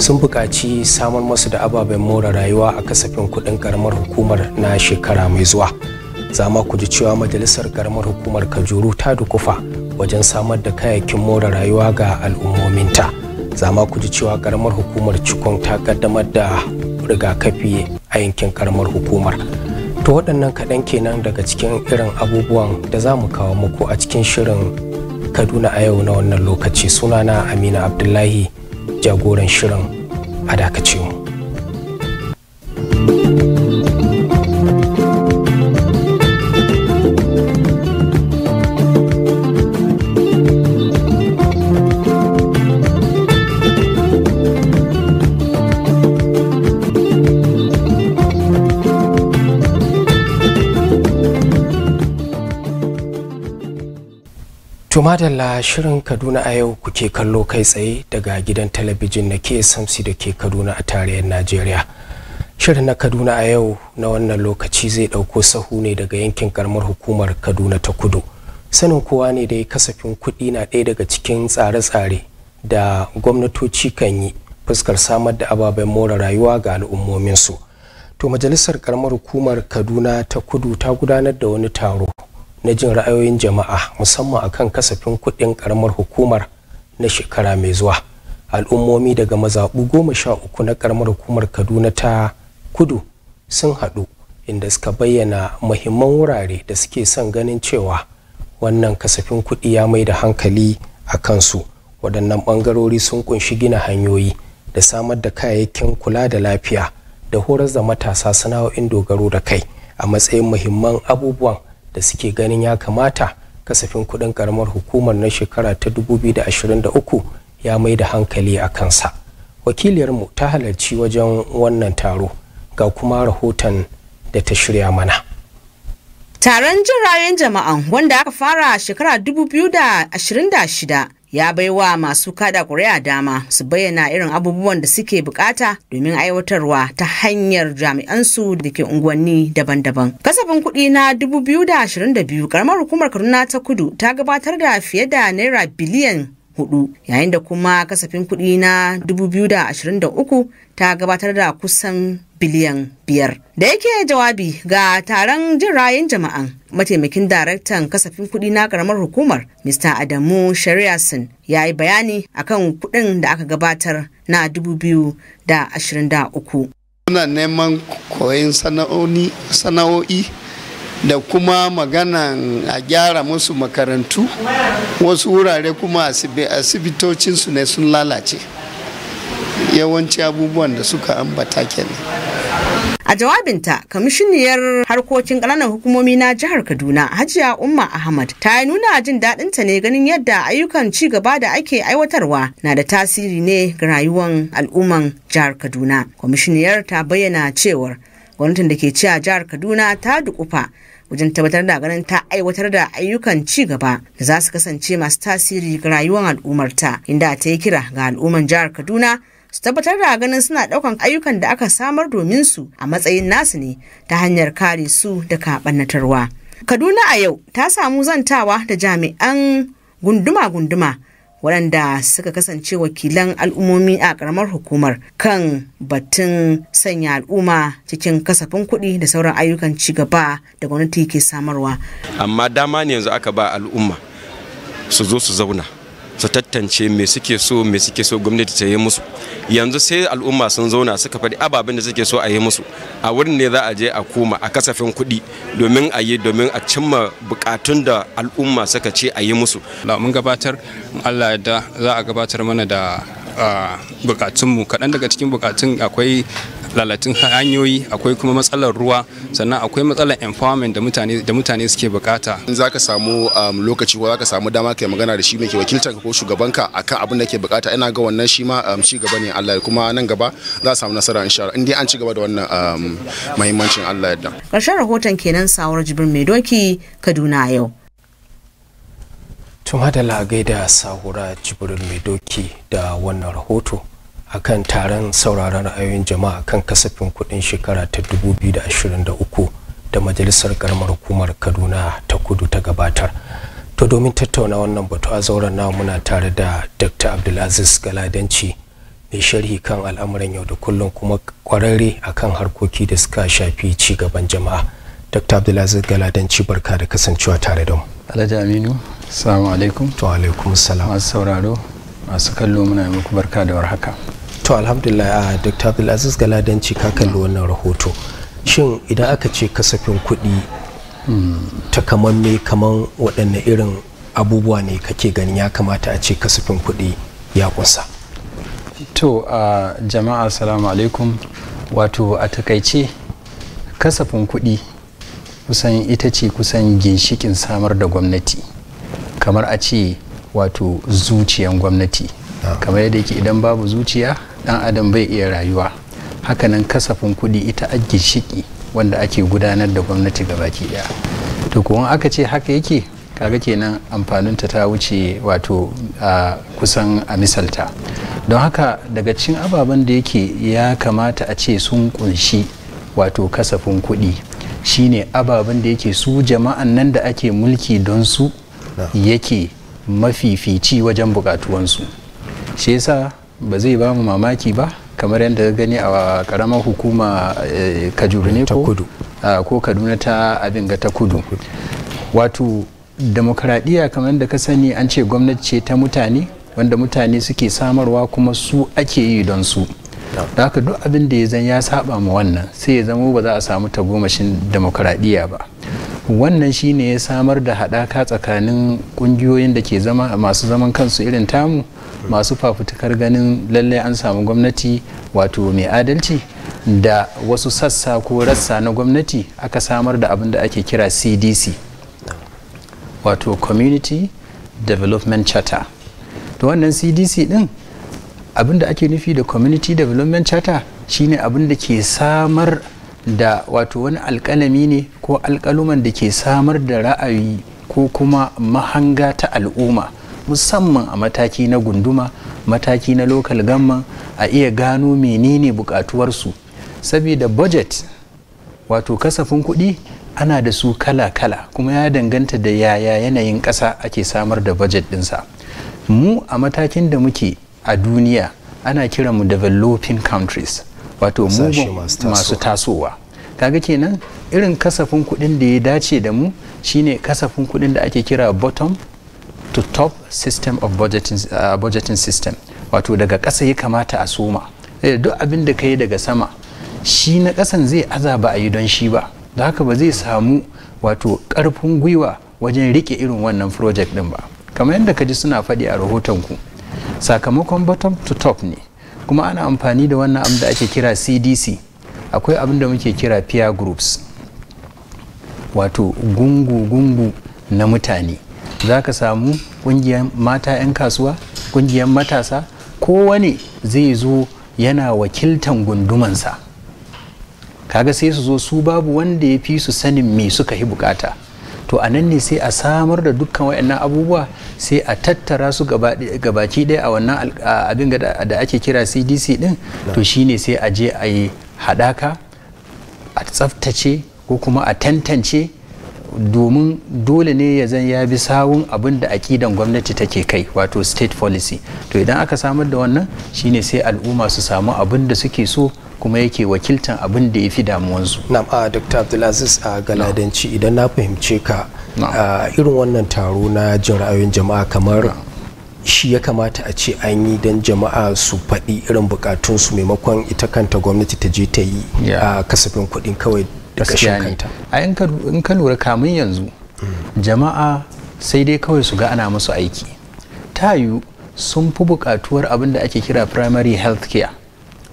sun buƙaci samar masu da ababen more rayuwa a kasafin kuɗin karamar hukumar na shekara mai zuwa za ma ku ji cewa majalisar karamar hukumar kajuru ta dukufa wajen samar da kayayyakin more rayuwa ga al'ummominta za ma ku ji cewa karamar hukumar cikon ta kaddamar da rigakafi a yankin karamar hukumar to waɗannan kaɗan kenan daga cikin irin abubuwan da za mu kawo muku a cikin shirin kaduna a yau na wannan lokaci sunana amina abdullahi jagoran shirin a dakacewa. da la shirin Kaduna a yau kuke kallo kai tsaye daga gidan talabijin na KSMC da ke Kaduna a tarayyar Najeriya. Shirin na Kaduna a yau na wannan lokaci zai ɗauko sahu ne daga yankin karamar hukumar Kaduna ta kudu. Sanin kowa ne da yi kasafin kuɗi na ɗaya daga cikin tsare-tsare da gwamnatoci kan yi fuskar samar da ababen more rayuwa ga al'ummominsu. To majalisar karamar hukumar Kaduna ta kudu ta gudanar da wani taro na jin ra'ayoyin jama'a musamman akan kasafin kuɗin karamar hukumar na shekara mai zuwa al'ummomi daga mazaɓu goma sha uku na karamar hukumar kaduna ta kudu sun haɗu inda suka bayyana muhimman wurare da suke son ganin cewa wannan kasafin kuɗi ya mai da hankali a kansu waɗannan ɓangarori sun kunshi gina hanyoyi da samar da kayayyakin kula da lafiya da horar da matasa sana'o'in dogaro da kai a matsayin muhimman abubuwan da suke ganin ya kamata kasafin kudin karamar hukumar na shekara ta 2023 ya mai da hankali a kansa wakiliyarmu ta halarci wajen wannan taro ga kuma rahoton da ta shirya mana taron jin ra'ayin jama'an wanda aka fara shekara 2026 ya baiwa masu kada ƙuri'a dama su bayyana irin abubuwan da suke bukata domin aiwatarwa ta hanyar jami'ansu da ke unguwanni daban-daban. Kasafin kuɗi na 2022 karamar hukumar Kaduna ta Kudu ta gabatar da fiye da naira biliyan hudu yayin da kuma kasafin kudi na 2023 ta gabatar da kusan biliyan biyar. Da yake jawabi ga taron jin rayin jama'an mataimakin daraktan kasafin kudi na karamar hukumar Mr. Adamu Shariasin ya yi bayani akan kudin da aka gabatar na 2023. Muna neman koyon sana'o'i da kuma magana a gyara musu makarantu wasu wurare kuma asibitocinsu ne sun lalace yawanci abubuwan da suka ambata kenan a jawabinta kamishiniyar harkokin ƙananan hukumomi na jihar kaduna hajiya umma ahmad ta yi nuna jin daɗinta ne ganin yadda ayyukan ci gaba da ake aiwatarwa na da tasiri ne ga rayuwar al'umman jihar kaduna kwamishiniyar ta bayyana cewar gwamnatin da ke ci a jihar kaduna ta dukufa wajen tabbatar da ganin ta aiwatar da ayyukan ci gaba da za su kasance masu tasiri ga rayuwar al'ummarta inda ta yi kira ga al'umman jihar kaduna su tabbatar da ganin suna daukan ayyukan da aka samar domin su a matsayin nasu ne ta hanyar kare su daga ɓannatarwa kaduna a yau ta samu zantawa da jami'an gunduma-gunduma waɗanda suka kasance wakilan al'ummomi a ƙaramar hukumar kan batun sanya al'umma cikin kasafin kuɗi da sauran ayyukan ci gaba da gwamnati ke samarwa amma dama ne yanzu aka ba al'umma su zo su zauna su tantance me suke so me suke so gwamnati ta yi musu yanzu sai al'umma sun zauna suka faɗi ababen da suke so a yi musu a wurin ne za a je a koma a kasafin kuɗi domin a yi domin a cimma bukatun da al'umma suka ce a yi musu mun gabatar Allah da za a gabatar mana da ah, bukatunmu kaɗan daga cikin bukatun akwai lalatun hanyoyi akwai kuma matsalar ruwa sannan akwai matsalar empowerment da mutane da mutane suke bukata in zaka samu um, lokaci ko zaka samu dama kai magana da shi mai ke wakiltar ka ko ka akan abin da ke bukata ina ga wannan shi ma um, ci gaba ne Allah ya kuma nan gaba za a samu nasara insha Allah in dai an ci gaba da wannan muhimmancin um, Allah yadda karshen rahoton kenan sawar jibrin mai doki Kaduna yau tun da gaida da sahura jibril mai doki da wannan rahoto akan taron sauraron ra'ayoyin jama'a kan kasafin kudin shekara ta 2023 da majalisar karamar hukumar kaduna ta kudu ta gabatar to domin tattauna wannan batu a zauren na muna tare da dr abdulaziz galadanci mai sharhi kan al'amuran yau da kullum kuma kwararre akan harkoki da suka shafi ci gaban jama'a dr abdulaziz galadanci barka da kasancewa tare da mu alhaji aminu assalamu alaikum to alaikum salam masu sauraro masu kallo muna muku barka da warhaka to alhamdulillah a dr abdulaziz galadanci ka kalli wannan rahoto shin idan aka ce kasafin kuɗi hmm. takamamme kamar waɗanne irin abubuwa ne kake ganin ya kamata a ce kasafin kuɗi ya kusa to a jama'a salamu alaikum wato a takaice kasafin kuɗi kusan ita ce kusan ginshikin samar da gwamnati kamar a ce wato zuciyan gwamnati ah. kamar yadda yake idan babu zuciya dan adam bai iya rayuwa hakanan kasafin kuɗi ita ake ginshiki wanda ake gudanar da gwamnati gabaki daya to kuma aka ce haka yake kaga kenan amfaninta ta wuce wato a kusan a misalta don haka daga cikin ababen da yake ya kamata a ce sun kunshi wato kasafin kuɗi shine ababen da yake su jama'an nan da ake mulki don su ah. yake mafifici wajen bukatuwansu shi yasa ba zai ba mu mamaki ba kamar yadda gani a karamar hukuma e, eh, kajuru ko kaduna ta abin ga ta kudu wato demokradiyya kamar da ka sani an ce gwamnati ce ta mutane wanda mutane suke samarwa kuma su ake yi don su da haka duk abin da ya zan ya saba ma wannan sai ya zamo ba za a samu tagomashin demokradiyya ba wannan shine ya samar da haɗaka tsakanin ƙungiyoyin da ke zama masu zaman kansu irin tamu masu fafutukar ganin lallai an samu gwamnati wato mai adalci da wasu sassa ko rassa na gwamnati aka samar da abin da ake kira cdc wato community development charter da wannan cdc din abin da ake nufi da community development charter shine abin da ke samar da wato wani alkalami ne ko alkaluman da ke samar da ra'ayi ko kuma mahanga ta al'umma musamman a mataki na gunduma mataki na lokal gamman a iya gano menene bukatuwarsu saboda budget wato kasafin kudi ana da su kala-kala kuma ya danganta da yaya yanayin ƙasa ake samar da budget ɗinsa mu a matakin da muke a duniya ana kiran mu developing countries wato mu masu tasowa kaga kenan irin kasafin kuɗin da ya dace da mu shine kasafin kuɗin da ake kira bottom to top system of budgeting, uh, budgeting system wato daga ƙasa ya kamata a soma eh, duk abin da ka yi daga sama shi na ƙasan zai aza ba a yi don shi ba da haka ba zai samu wato ƙarfin gwiwa wajen rike irin wannan project din ba kamar yadda ka ji suna faɗi a rahoton ku sakamakon bottom to top ne kuma ana amfani da wannan abin da ake kira cdc akwai abin da muke kira peer groups wato gungu-gungu na mutane za ka samu kungiyar mata 'yan kasuwa kungiyar matasa kowane zai zo yana wakiltan gundumansa kaga sai su zo su babu wanda ya fi su sanin me suka yi bukata to a nan ne sai a samar da dukkan wayannan abubuwa sai a tattara su gabaki ɗaya a wannan abin da ake kira cdc din to shine sai a je a yi haɗaka a tsaftace ko kuma a tantance domin dole ne ya zan ya bi sawun abin da aƙidan gwamnati take kai wato state policy to idan aka samar da wannan shine sai al'umma su samu abin da suke so kuma yake wakiltan abin da ya fi damuwansu. na a Dr. Abdulaziz a Galadanci idan na fahimce ka irin wannan taro na jin ra'ayoyin jama'a kamar shi ya kamata a ce an yi don jama'a su faɗi irin bukatunsu maimakon ita kanta gwamnati ta je ta yi a kasafin kuɗin kawai da kashin kanta in ka lura kamun yanzu hmm. jama'a sai dai kawai su ga ana musu aiki ta yu sun fi bukatuwar abin da ake kira primary health care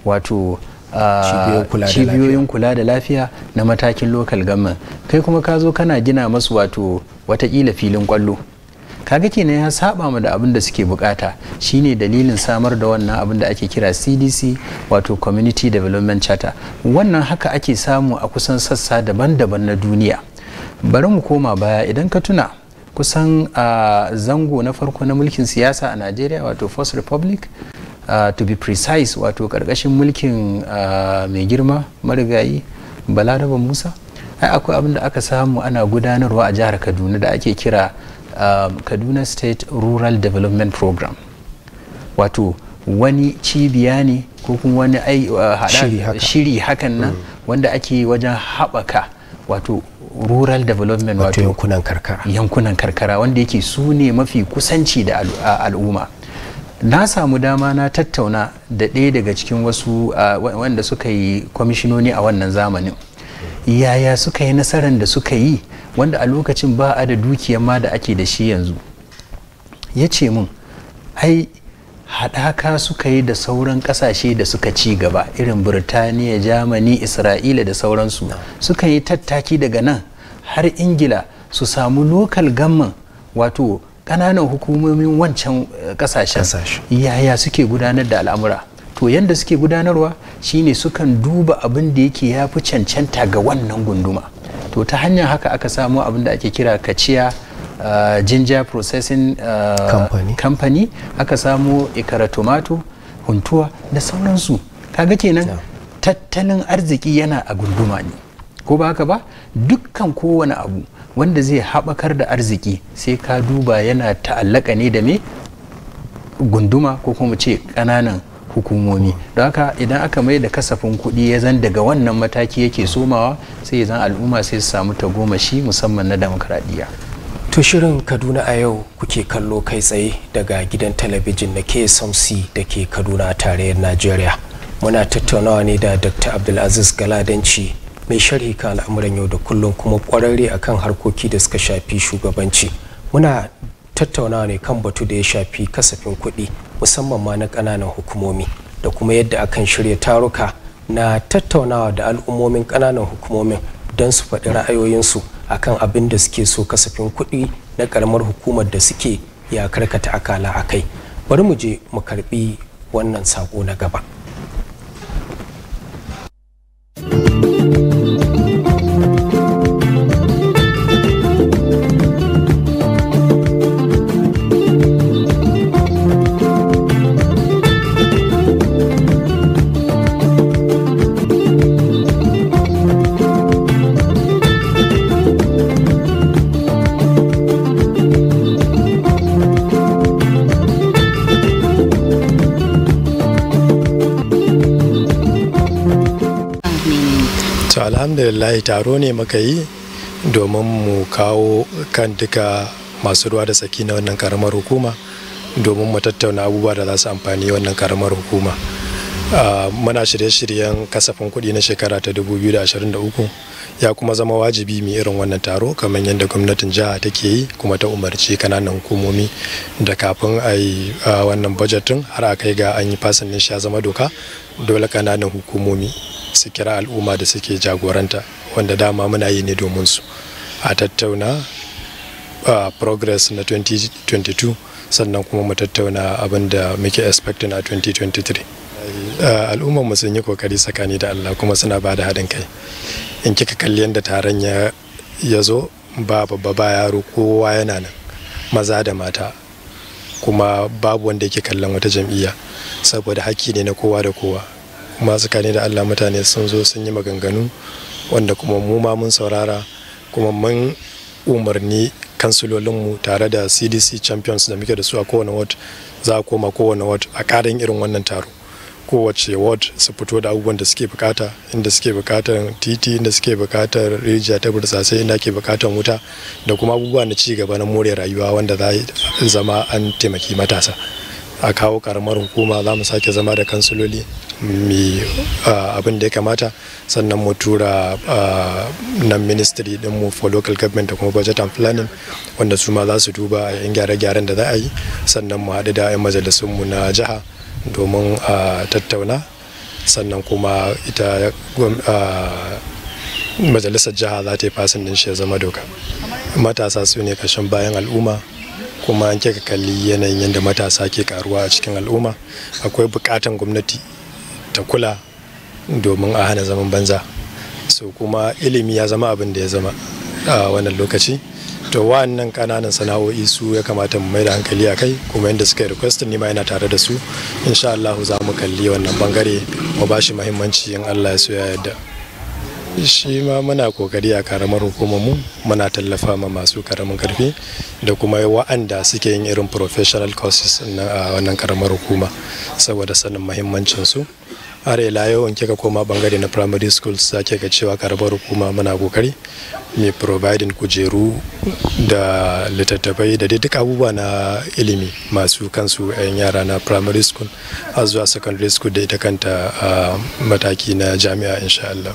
wato cibiyoyin kula da lafiya na matakin local government kai kuma ka zo kana gina masu wato watakila filin kwallo kaga kenan ya saba mu da abin da suke bukata shine dalilin samar da wannan abin da ake kira cdc wato community development charter wannan haka ake samu a kusan sassa daban-daban na duniya bari mu koma baya idan ka tuna kusan a zango na farko na mulkin siyasa a nigeria wato first republic uh, to be precise wato karkashin mulkin uh, mai girma marigayi balaraba musa ai akwai abin da aka samu ana gudanarwa a jihar kaduna da ake kira um, kaduna state rural development program wato wani cibiya ne ko kuma wani ai, uh, shiri hakan nan mm. wanda ake wajen haɓaka wato rural development wato yankunan karkara yankunan karkara wanda yake su ne mafi kusanci da al'umma na samu dama na tattauna da ɗaya daga cikin wasu uh, wanda suka yi kwamishinoni a wannan zamanin yaya suka yi nasarar da suka yi wanda a lokacin ba a da dukiyar ma da ake da shi yanzu ya ce mun ai haɗaka suka yi da sauran ƙasashe da suka ci gaba irin birtaniya jamani isra'ila da sauransu suka yi tattaki daga nan har ingila su samu lokal gamman wato ƙananan hukumomin wancan eh, ƙasashen yaya suke gudanar da al'amura to yadda suke gudanarwa shine sukan duba abin da yake ya fi cancanta ga wannan gunduma to ta hanyar haka aka samu abin da ake kira kaciya uh, ginger processing company. Uh, aka samu ikara tomato huntuwa da sauransu kaga kenan tattalin arziki yana a gunduma ne ko ba haka ba dukkan kowane abu wanda zai haɓakar da arziki sai ka duba yana ta'allaka ne da me gunduma ko kuma ce ƙananan hukumomi don haka idan aka mai da kasafin kuɗi ya zan daga wannan mataki yake somawa sai zan al'umma sai su samu tagomashi musamman na demokradiyya to shirin kaduna a yau kuke kallo kai tsaye daga gidan talabijin na ksmc da ke kaduna tarayyar najeriya muna tattaunawa ne da dr abdulaziz galadanci mai sharhi kan al'amuran yau da kullum kuma kwararre akan harkoki da suka shafi shugabanci muna tattaunawa ne kan batu da ya shafi kasafin kuɗi musamman ma na ƙananan hukumomi da kuma yadda akan shirya taruka na tattaunawa da al'ummomin ƙananan hukumomin don su faɗi ra'ayoyinsu akan abin da suke so kasafin kuɗi na ƙaramar hukumar da suke ya karkata akala a kai bari mu je mu karɓi wannan sako na gaba alhamdulillah taro ne muka yi domin mu kawo kan duka masu ruwa da tsaki na wannan karamar hukuma domin mu tattauna abubuwa da za su amfani wannan karamar hukuma ah, muna shirye-shiryen kasafin kuɗi na shekara ta 2023 ya kuma zama wajibi mai irin wannan taro kamar yadda gwamnatin jiha take yi kuma ta umarci kananan hukumomi da kafin a yi ah, wannan bajetin har a kai ga an yi fasin ya zama doka dole kananan hukumomi su kira al'umma da suke jagoranta wanda dama muna yi ne domin su a tattauna uh, progress na 2022 sannan kuma mu tattauna abin da muke expecting a 2023 al'ummar mu sun yi kokari tsakani da allah kuma suna ba da haɗin kai in kika kalli yadda taron ya zo ba babba ba yaro kowa yana nan maza da mata kuma babu wanda yake kallon wata jam'iyya saboda haƙƙi ne na kowa da kowa kuma kane da allah mutane sun zo sun yi maganganu wanda kuma mu ma mun saurara kuma mun umarni kansilolinmu tare da cdc champions da muke da su a kowane ward za a koma kowane ward a karin irin wannan taro kowace ward su fito da abubuwan da suke bukata inda suke bukatar titi inda suke bukatar rijiya ta burtsatse inda ake bukatar wuta da kuma abubuwa na ci gaba na more rayuwa wanda za zama an taimaki matasa a kawo karamar hukuma za mu sake zama da kansiloli mi abin da ya kamata sannan mu tura nan ministry din mu for local government da kuma budget and planning wanda su ma za su duba a yan gyare-gyaren da za a yi sannan mu haɗu da 'yan majalisunmu na jiha domin a tattauna sannan kuma ita majalisar jiha za ta yi fasin din shi ya zama doka matasa su ne kashin bayan al'umma kuma an kika kalli yanayin yadda matasa ke karuwa a cikin al'umma akwai bukatan gwamnati ta kula domin a hana zaman banza so kuma ilimi ya zama abin da ya zama a wannan lokaci to wa'annan kananan sana'o'i su ya kamata mu mai da hankali a kai kuma yadda suka yi ni nima yana tare da su insha Allah za mu kalli wannan bangare mu ba shi muhimmanci in Allah ya so ya yarda shi ma muna kokari a karamar hukumar mu muna tallafa ma masu karamin karfi da kuma wa'anda suke yin irin professional courses a wannan karamar hukuma saboda sanin muhimmancin su har ila yau in kika koma bangare na primary school sake ga cewa karbar hukuma muna kokari mai providing kujeru da littattafai da duk abubuwa na ilimi masu kansu 'yan yara na primary school har zuwa secondary school da ita kanta a mataki na jami'a insha Allah.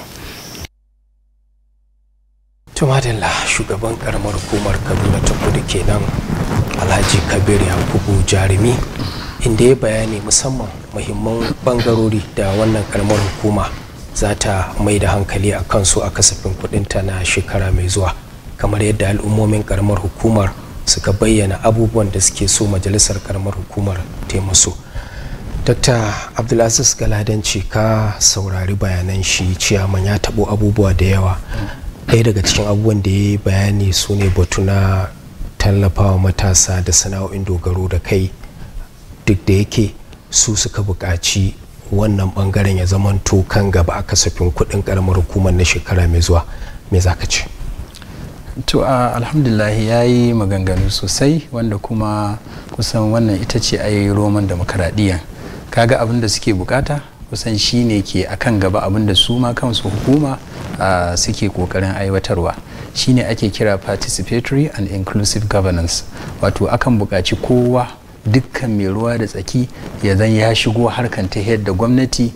la shugaban karamar hukumar kaduna ta kudu kenan alhaji kabir yakubu jarumi inda ya bayani musamman muhimman bangarori da wannan karamar hukuma za ta mai da hankali a kansu a kasafin kudinta na shekara mai zuwa kamar yadda al'ummomin karamar hukumar suka bayyana abubuwan da suke so majalisar karamar hukumar taimaso dr abdulaziz galadanci ka saurari bayanan shi ciyaman ya tabo abubuwa da yawa ɗaya daga cikin abubuwan da ya yi bayani su ne batu na tallafawa matasa da sana'o'in dogaro da kai duk da yake su suka buƙaci wannan bangaren ya zama to kan gaba a kasafin kuɗin karamar hukumar na shekara mai zuwa mai za ka ce to a alhamdulillah ya yi maganganu sosai wanda kuma kusan wannan ita ce a yi roman demokaradiyya kaga abin da suke bukata kusan shi ne ke akan gaba abin da su ma kansu hukuma suke kokarin aiwatarwa shine ake kira participatory and inclusive governance wato akan bukaci kowa dukkan mai ruwa da tsaki ya zan ya shigo harkan ta da gwamnati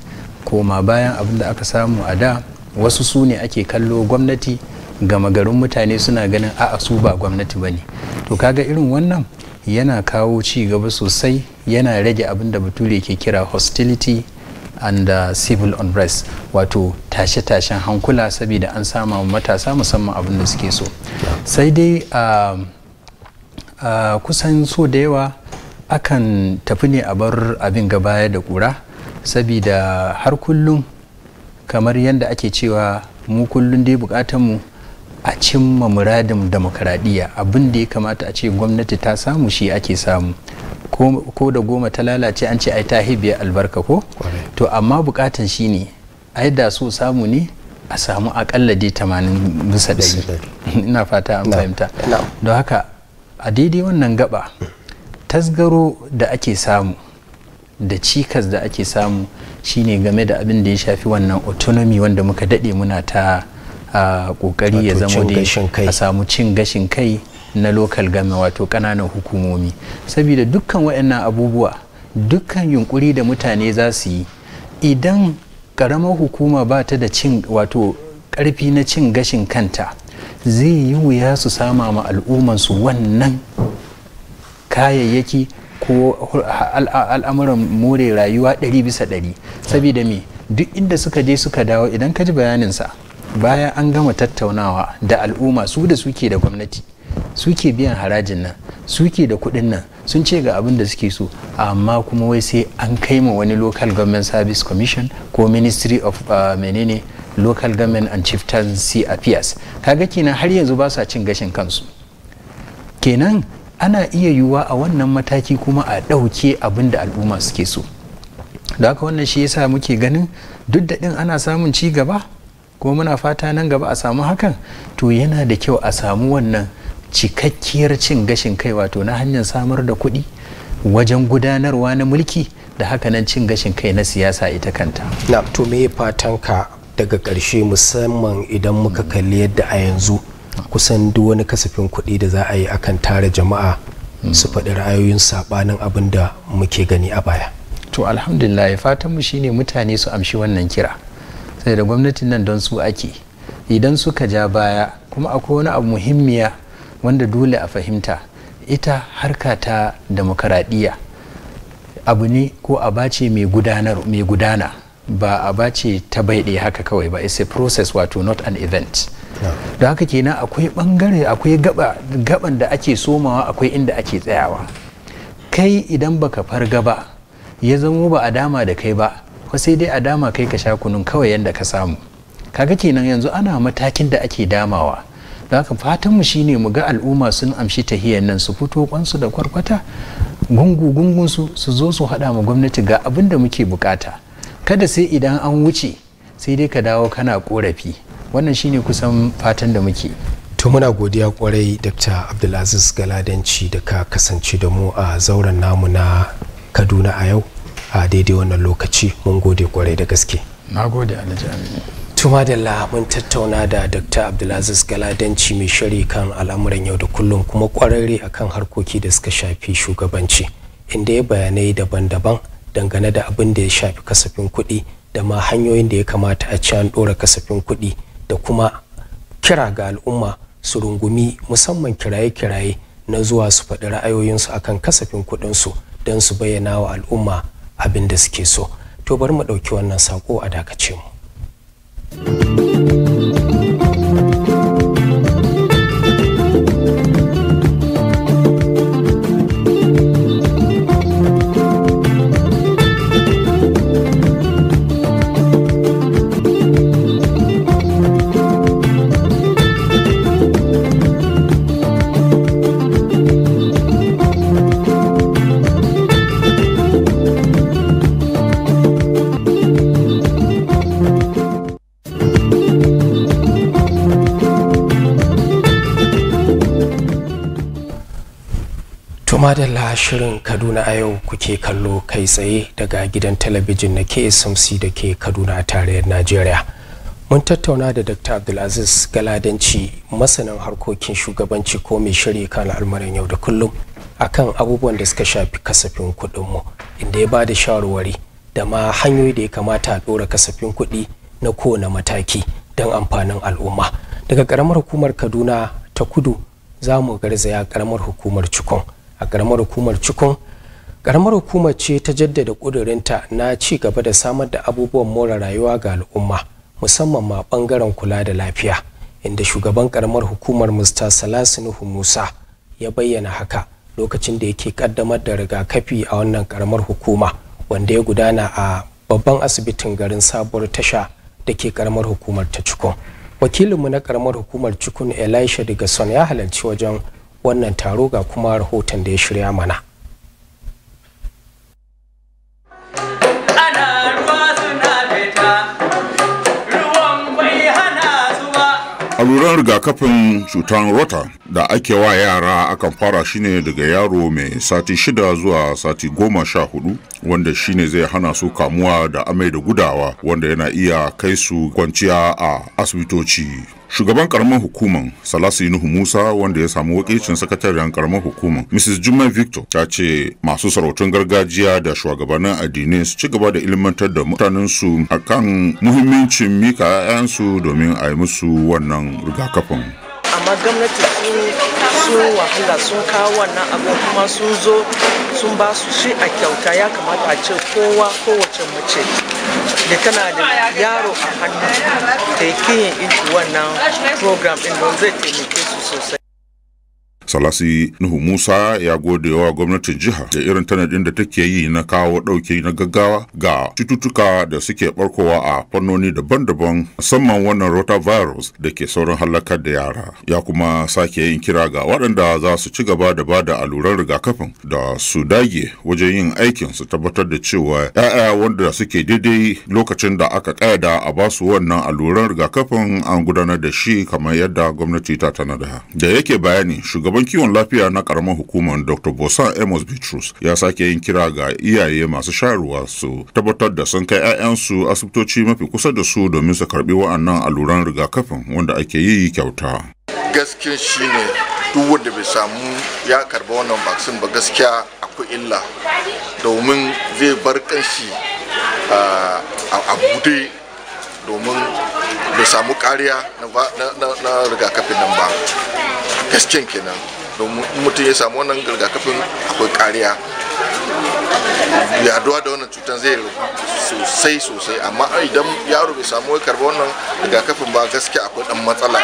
koma bayan abin da aka samu a da wasu su ne ake kallo gwamnati gama garin mutane suna ganin a'a su ba gwamnati ba ne to kaga irin wannan yana kawo ci gaba sosai yana rage abin da bature ke kira hostility and uh, civil unrest wato tashe-tashen hankula saboda an sama matasa musamman abin da suke so sai dai um, uh, kusan so da yawa akan tafi ne a bar abin gaba da kura sabida har kullum kamar yadda ake cewa mu kullum dai mu a cimma muradin demokaradiyya abin da ya kamata a ce gwamnati ta samu shi ake samu ko da goma ta lalace an ce ai ta hibiya albarka ko to amma bukatan shi ne ai da so samu ne a samu akalla dai tamanin bisa ɗari ina fata an fahimta don haka a daidai wannan gaba tasgaro da ake samu da cikas da ake samu shine game da abin da ya shafi wannan autonomy wanda muka daɗe muna ta kokari ya zama da a samu cin gashin kai na local game wato ƙananan hukumomi saboda dukkan waɗannan abubuwa dukkan yunkuri da mutane za su yi idan ƙaramar hukuma ba ta da cin wato ƙarfi na cin gashin kanta zai yi wuya su sama ma al'ummansu wannan kayayyaki ko al'amuran more rayuwa ɗari bisa ɗari saboda me duk inda suka je suka dawo idan ka ji bayaninsa bayan an gama tattaunawa da al'umma su da suke da gwamnati suke biyan harajin nan suke da kuɗin nan sun ce ga abin da suke so amma kuma wai sai an kai ma wani local government service commission ko ministry of uh, menene local government and chieftaincy affairs kaga kenan har yanzu ba sa cin gashin kansu kenan ana iya yiwuwa a wannan mataki kuma a ɗauke abin da al'umma suke so da haka wannan shi yasa muke ganin duk da ɗin ana samun ci gaba kuma muna fata nan gaba a samu hakan to yana da kyau a samu wannan cikakkiyar cin gashin kai wato na hanyar samar da kuɗi wajen gudanarwa na mulki da haka nan cin gashin kai na siyasa ita kanta. na to me fatan ka daga ƙarshe musamman idan muka kalli yadda a yanzu kusan duk wani kasafin kuɗi da za a yi akan tara jama'a su faɗi ra'ayoyin saɓanin abin da muke gani a baya to alhamdulillah fatan mu shine mutane su amshi wannan kira sai da gwamnatin nan don su ake idan suka ja baya kuma akwai wani abu muhimmiya wanda dole a fahimta ita harka ta demokaradiyya abu ne ko a bace mai gudana ba a bace ta baiɗe haka kawai ba it's a process wato not an event da haka kenan akwai bangare akwai gaba gaban da ake somawa akwai inda ake tsayawa kai idan baka far gaba ya zamo ba a dama da kai ba ko sai dai a dama kai ka sha kunun kawai yadda ka samu kaga kenan yanzu ana matakin da ake damawa da haka mu shine mu ga al'umma sun amshi tahiyan nan su fito kwansu da kwarkwata gungu gungun su su zo su hada mu gwamnati ga abin da muke bukata kada sai idan an wuce sai dai ka dawo kana korafi wannan shine kusan fatan da muke to muna godiya kwarai dr abdulaziz galadanci da ka kasance da mu a zauren namu na kaduna a yau a daidai wannan lokaci mun gode kwarai da gaske na gode alhaji tuma da mun tattauna da dr abdulaziz galadanci mai shari kan al'amuran yau da kullum kuma kwararre akan harkoki da suka shafi shugabanci inda ya bayanai daban-daban dangane da abin da ya shafi kasafin kuɗi da ma hanyoyin da ya kamata a ci an ɗora kasafin kuɗi da kuma kira ga al'umma su rungumi musamman kiraye-kiraye na zuwa su faɗi ra'ayoyinsu akan kasafin kuɗinsu don su bayyana wa al'umma abin da suke so to bari mu ɗauki wannan saƙo a dakace mu madalla shirin kaduna a yau kuke kallo kai tsaye daga gidan talabijin na ksmc da ke kaduna a tarayyar najeriya mun tattauna da dr abdulaziz galadanci masanin harkokin shugabanci ko mai shiri kan al'amuran yau da kullum akan abubuwan da suka shafi kasafin kuɗinmu inda ya bada shawarwari da ma hanyoyi da ya kamata a ɗora kasafin kuɗi na kowane mataki don amfanin al'umma daga karamar hukumar kaduna ta kudu za mu garzaya karamar hukumar cikon a karamar hukumar cikon karamar hukumar ce ta jaddada kudurinta na ci gaba da samar da abubuwan more rayuwa ga al'umma musamman ma bangaren kula da lafiya inda shugaban karamar hukumar mr salasinu musa ya bayyana haka lokacin da yake kaddamar da rigakafi a wannan karamar hukuma wanda ya gudana a babban asibitin garin sabuwar tasha da ke karamar hukumar ta cikon wakilinmu na karamar hukumar cikun elisha digason ya halarci wajen wannan taro ga kuma rahoton da ya shirya mana alluran rigakafin cutar rota da ake wa yara akan fara shine daga yaro mai sati shida zuwa sati goma sha hudu wanda shine zai hana su kamuwa da amai da gudawa wanda yana iya kai su kwanciya a asibitoci shugaban karamar hukumar salasu yunuhu musa wanda ya samu wakilcin sakataren karamar hukumar mrs juma victor ta ce masu sarautun gargajiya da shugabannin addinai su ci gaba da ilmantar da mutanensu akan muhimmancin mika 'ya'yansu domin a yi musu wannan rigakafin amma gwamnati sun wahala sun kawo wannan abu kuma sun zo sun ba su shi a kyauta ya kamata a ce kowa kowace mace da tana da yaro a hannu taking into one now program in Nonzete Mikesu Society. salasi nuhu musa ya gode wa gwamnatin jiha da irin tanadin da take yi na kawo ɗauki na gaggawa ga cututtuka da suke barkowa a fannoni daban-daban musamman wannan rotavirus da ke saurin halakar da yara ya kuma sake yin kira ga waɗanda za su ci gaba da ba da alluran rigakafin da su dage wajen yin aikin su tabbatar da cewa 'ya'ya wanda suke daidai lokacin da aka ƙayyada a ba su wannan alluran rigakafin an gudanar da shi kamar yadda gwamnati ta tanada da yake bayani shugaban kiwon lafiya na karamar hukumar dr bosan amos bitrus ya sake yin kira ga iyaye masu shayarwa su tabbatar da sun kai 'ya'yansu asibitoci mafi kusa da su domin su karbi wa'annan alluran rigakafin wanda ake yi kyauta gaskiya shine duk wanda bai samu ya karba wannan vaccine ba gaskiya akwai illa domin zai bar kanshi a bude domin bai samu kariya na rigakafin nan ba gaskiyan kenan domin mutum ya samu wannan rigakafin akwai kariya yaduwa da wannan cutar zai sosai sosai amma idan yaro bai samu karba wannan rigakafin ba gaskiya akwai dan matsala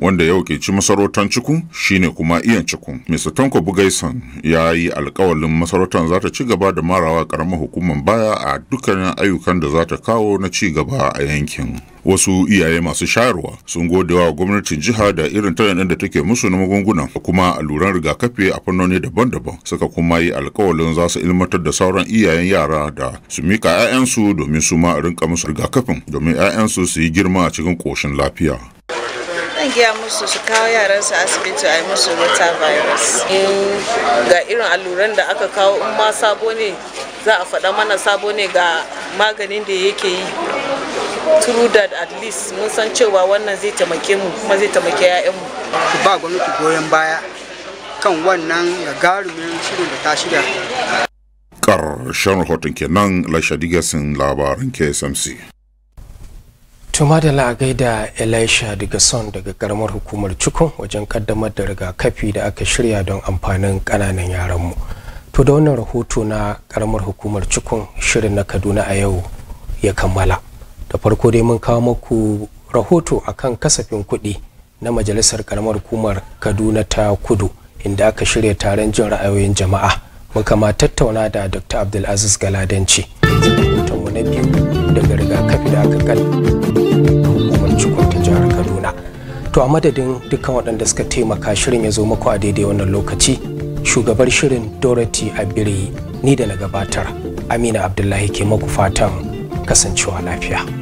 wanda ya wakilci masarautar ciku shine kuma iyan ciku mr tonko bugaisan ya yi alkawalin masarautar za ta ci gaba da marawa karamar hukumar baya a dukkanin ayyukan da za ta kawo na ci gaba a yankin wasu iyaye masu shayarwa sun gode wa gwamnatin jiha da irin tallaɗin da take musu na magunguna kuma alluran rigakafi a fannoni daban-daban suka kuma yi alkawalin za su ilmantar da sauran iyayen yara da su mika 'ya'yansu domin su ma rinka musu rigakafin domin 'ya'yansu su yi girma a cikin koshin lafiya zan giya musu su kawo yaransu asibiti a yi musu virus. in ga irin alluran da aka kawo in ma sabo ne za a faɗa mana sabo ne ga maganin da yake yi True that at least mun san cewa wannan zai taimake mu kuma zai taimake 'ya'yanmu ku ba gwamnati goyon baya kan wannan gagarumin shirin da ta shirya ƙarshen rahoton kenan lashadigasin labaran ksmc Tuma da la'agai da Elisha daga son daga karamar hukumar Cikon wajen kaddamar da rigakafi da aka shirya don amfanin ƙananan yaranmu. To da wannan rahoto na karamar hukumar Cikon shirin na Kaduna a yau ya kammala. Da farko dai mun kawo muku rahoto akan kasafin kuɗi na majalisar karamar hukumar Kaduna ta Kudu inda aka shirya taron jin ra'ayoyin jama'a. Muka ma tattauna da Dr. Abdulaziz Galadanci. daga rigakafi da aka kan hukumar cikon ta jihar kaduna to a madadin dukkan waɗanda suka taimaka shirin ya zo muku a daidai wannan lokaci shugabar shirin dorothy abiri ni da na gabatar amina abdullahi ke maku fatan kasancewa lafiya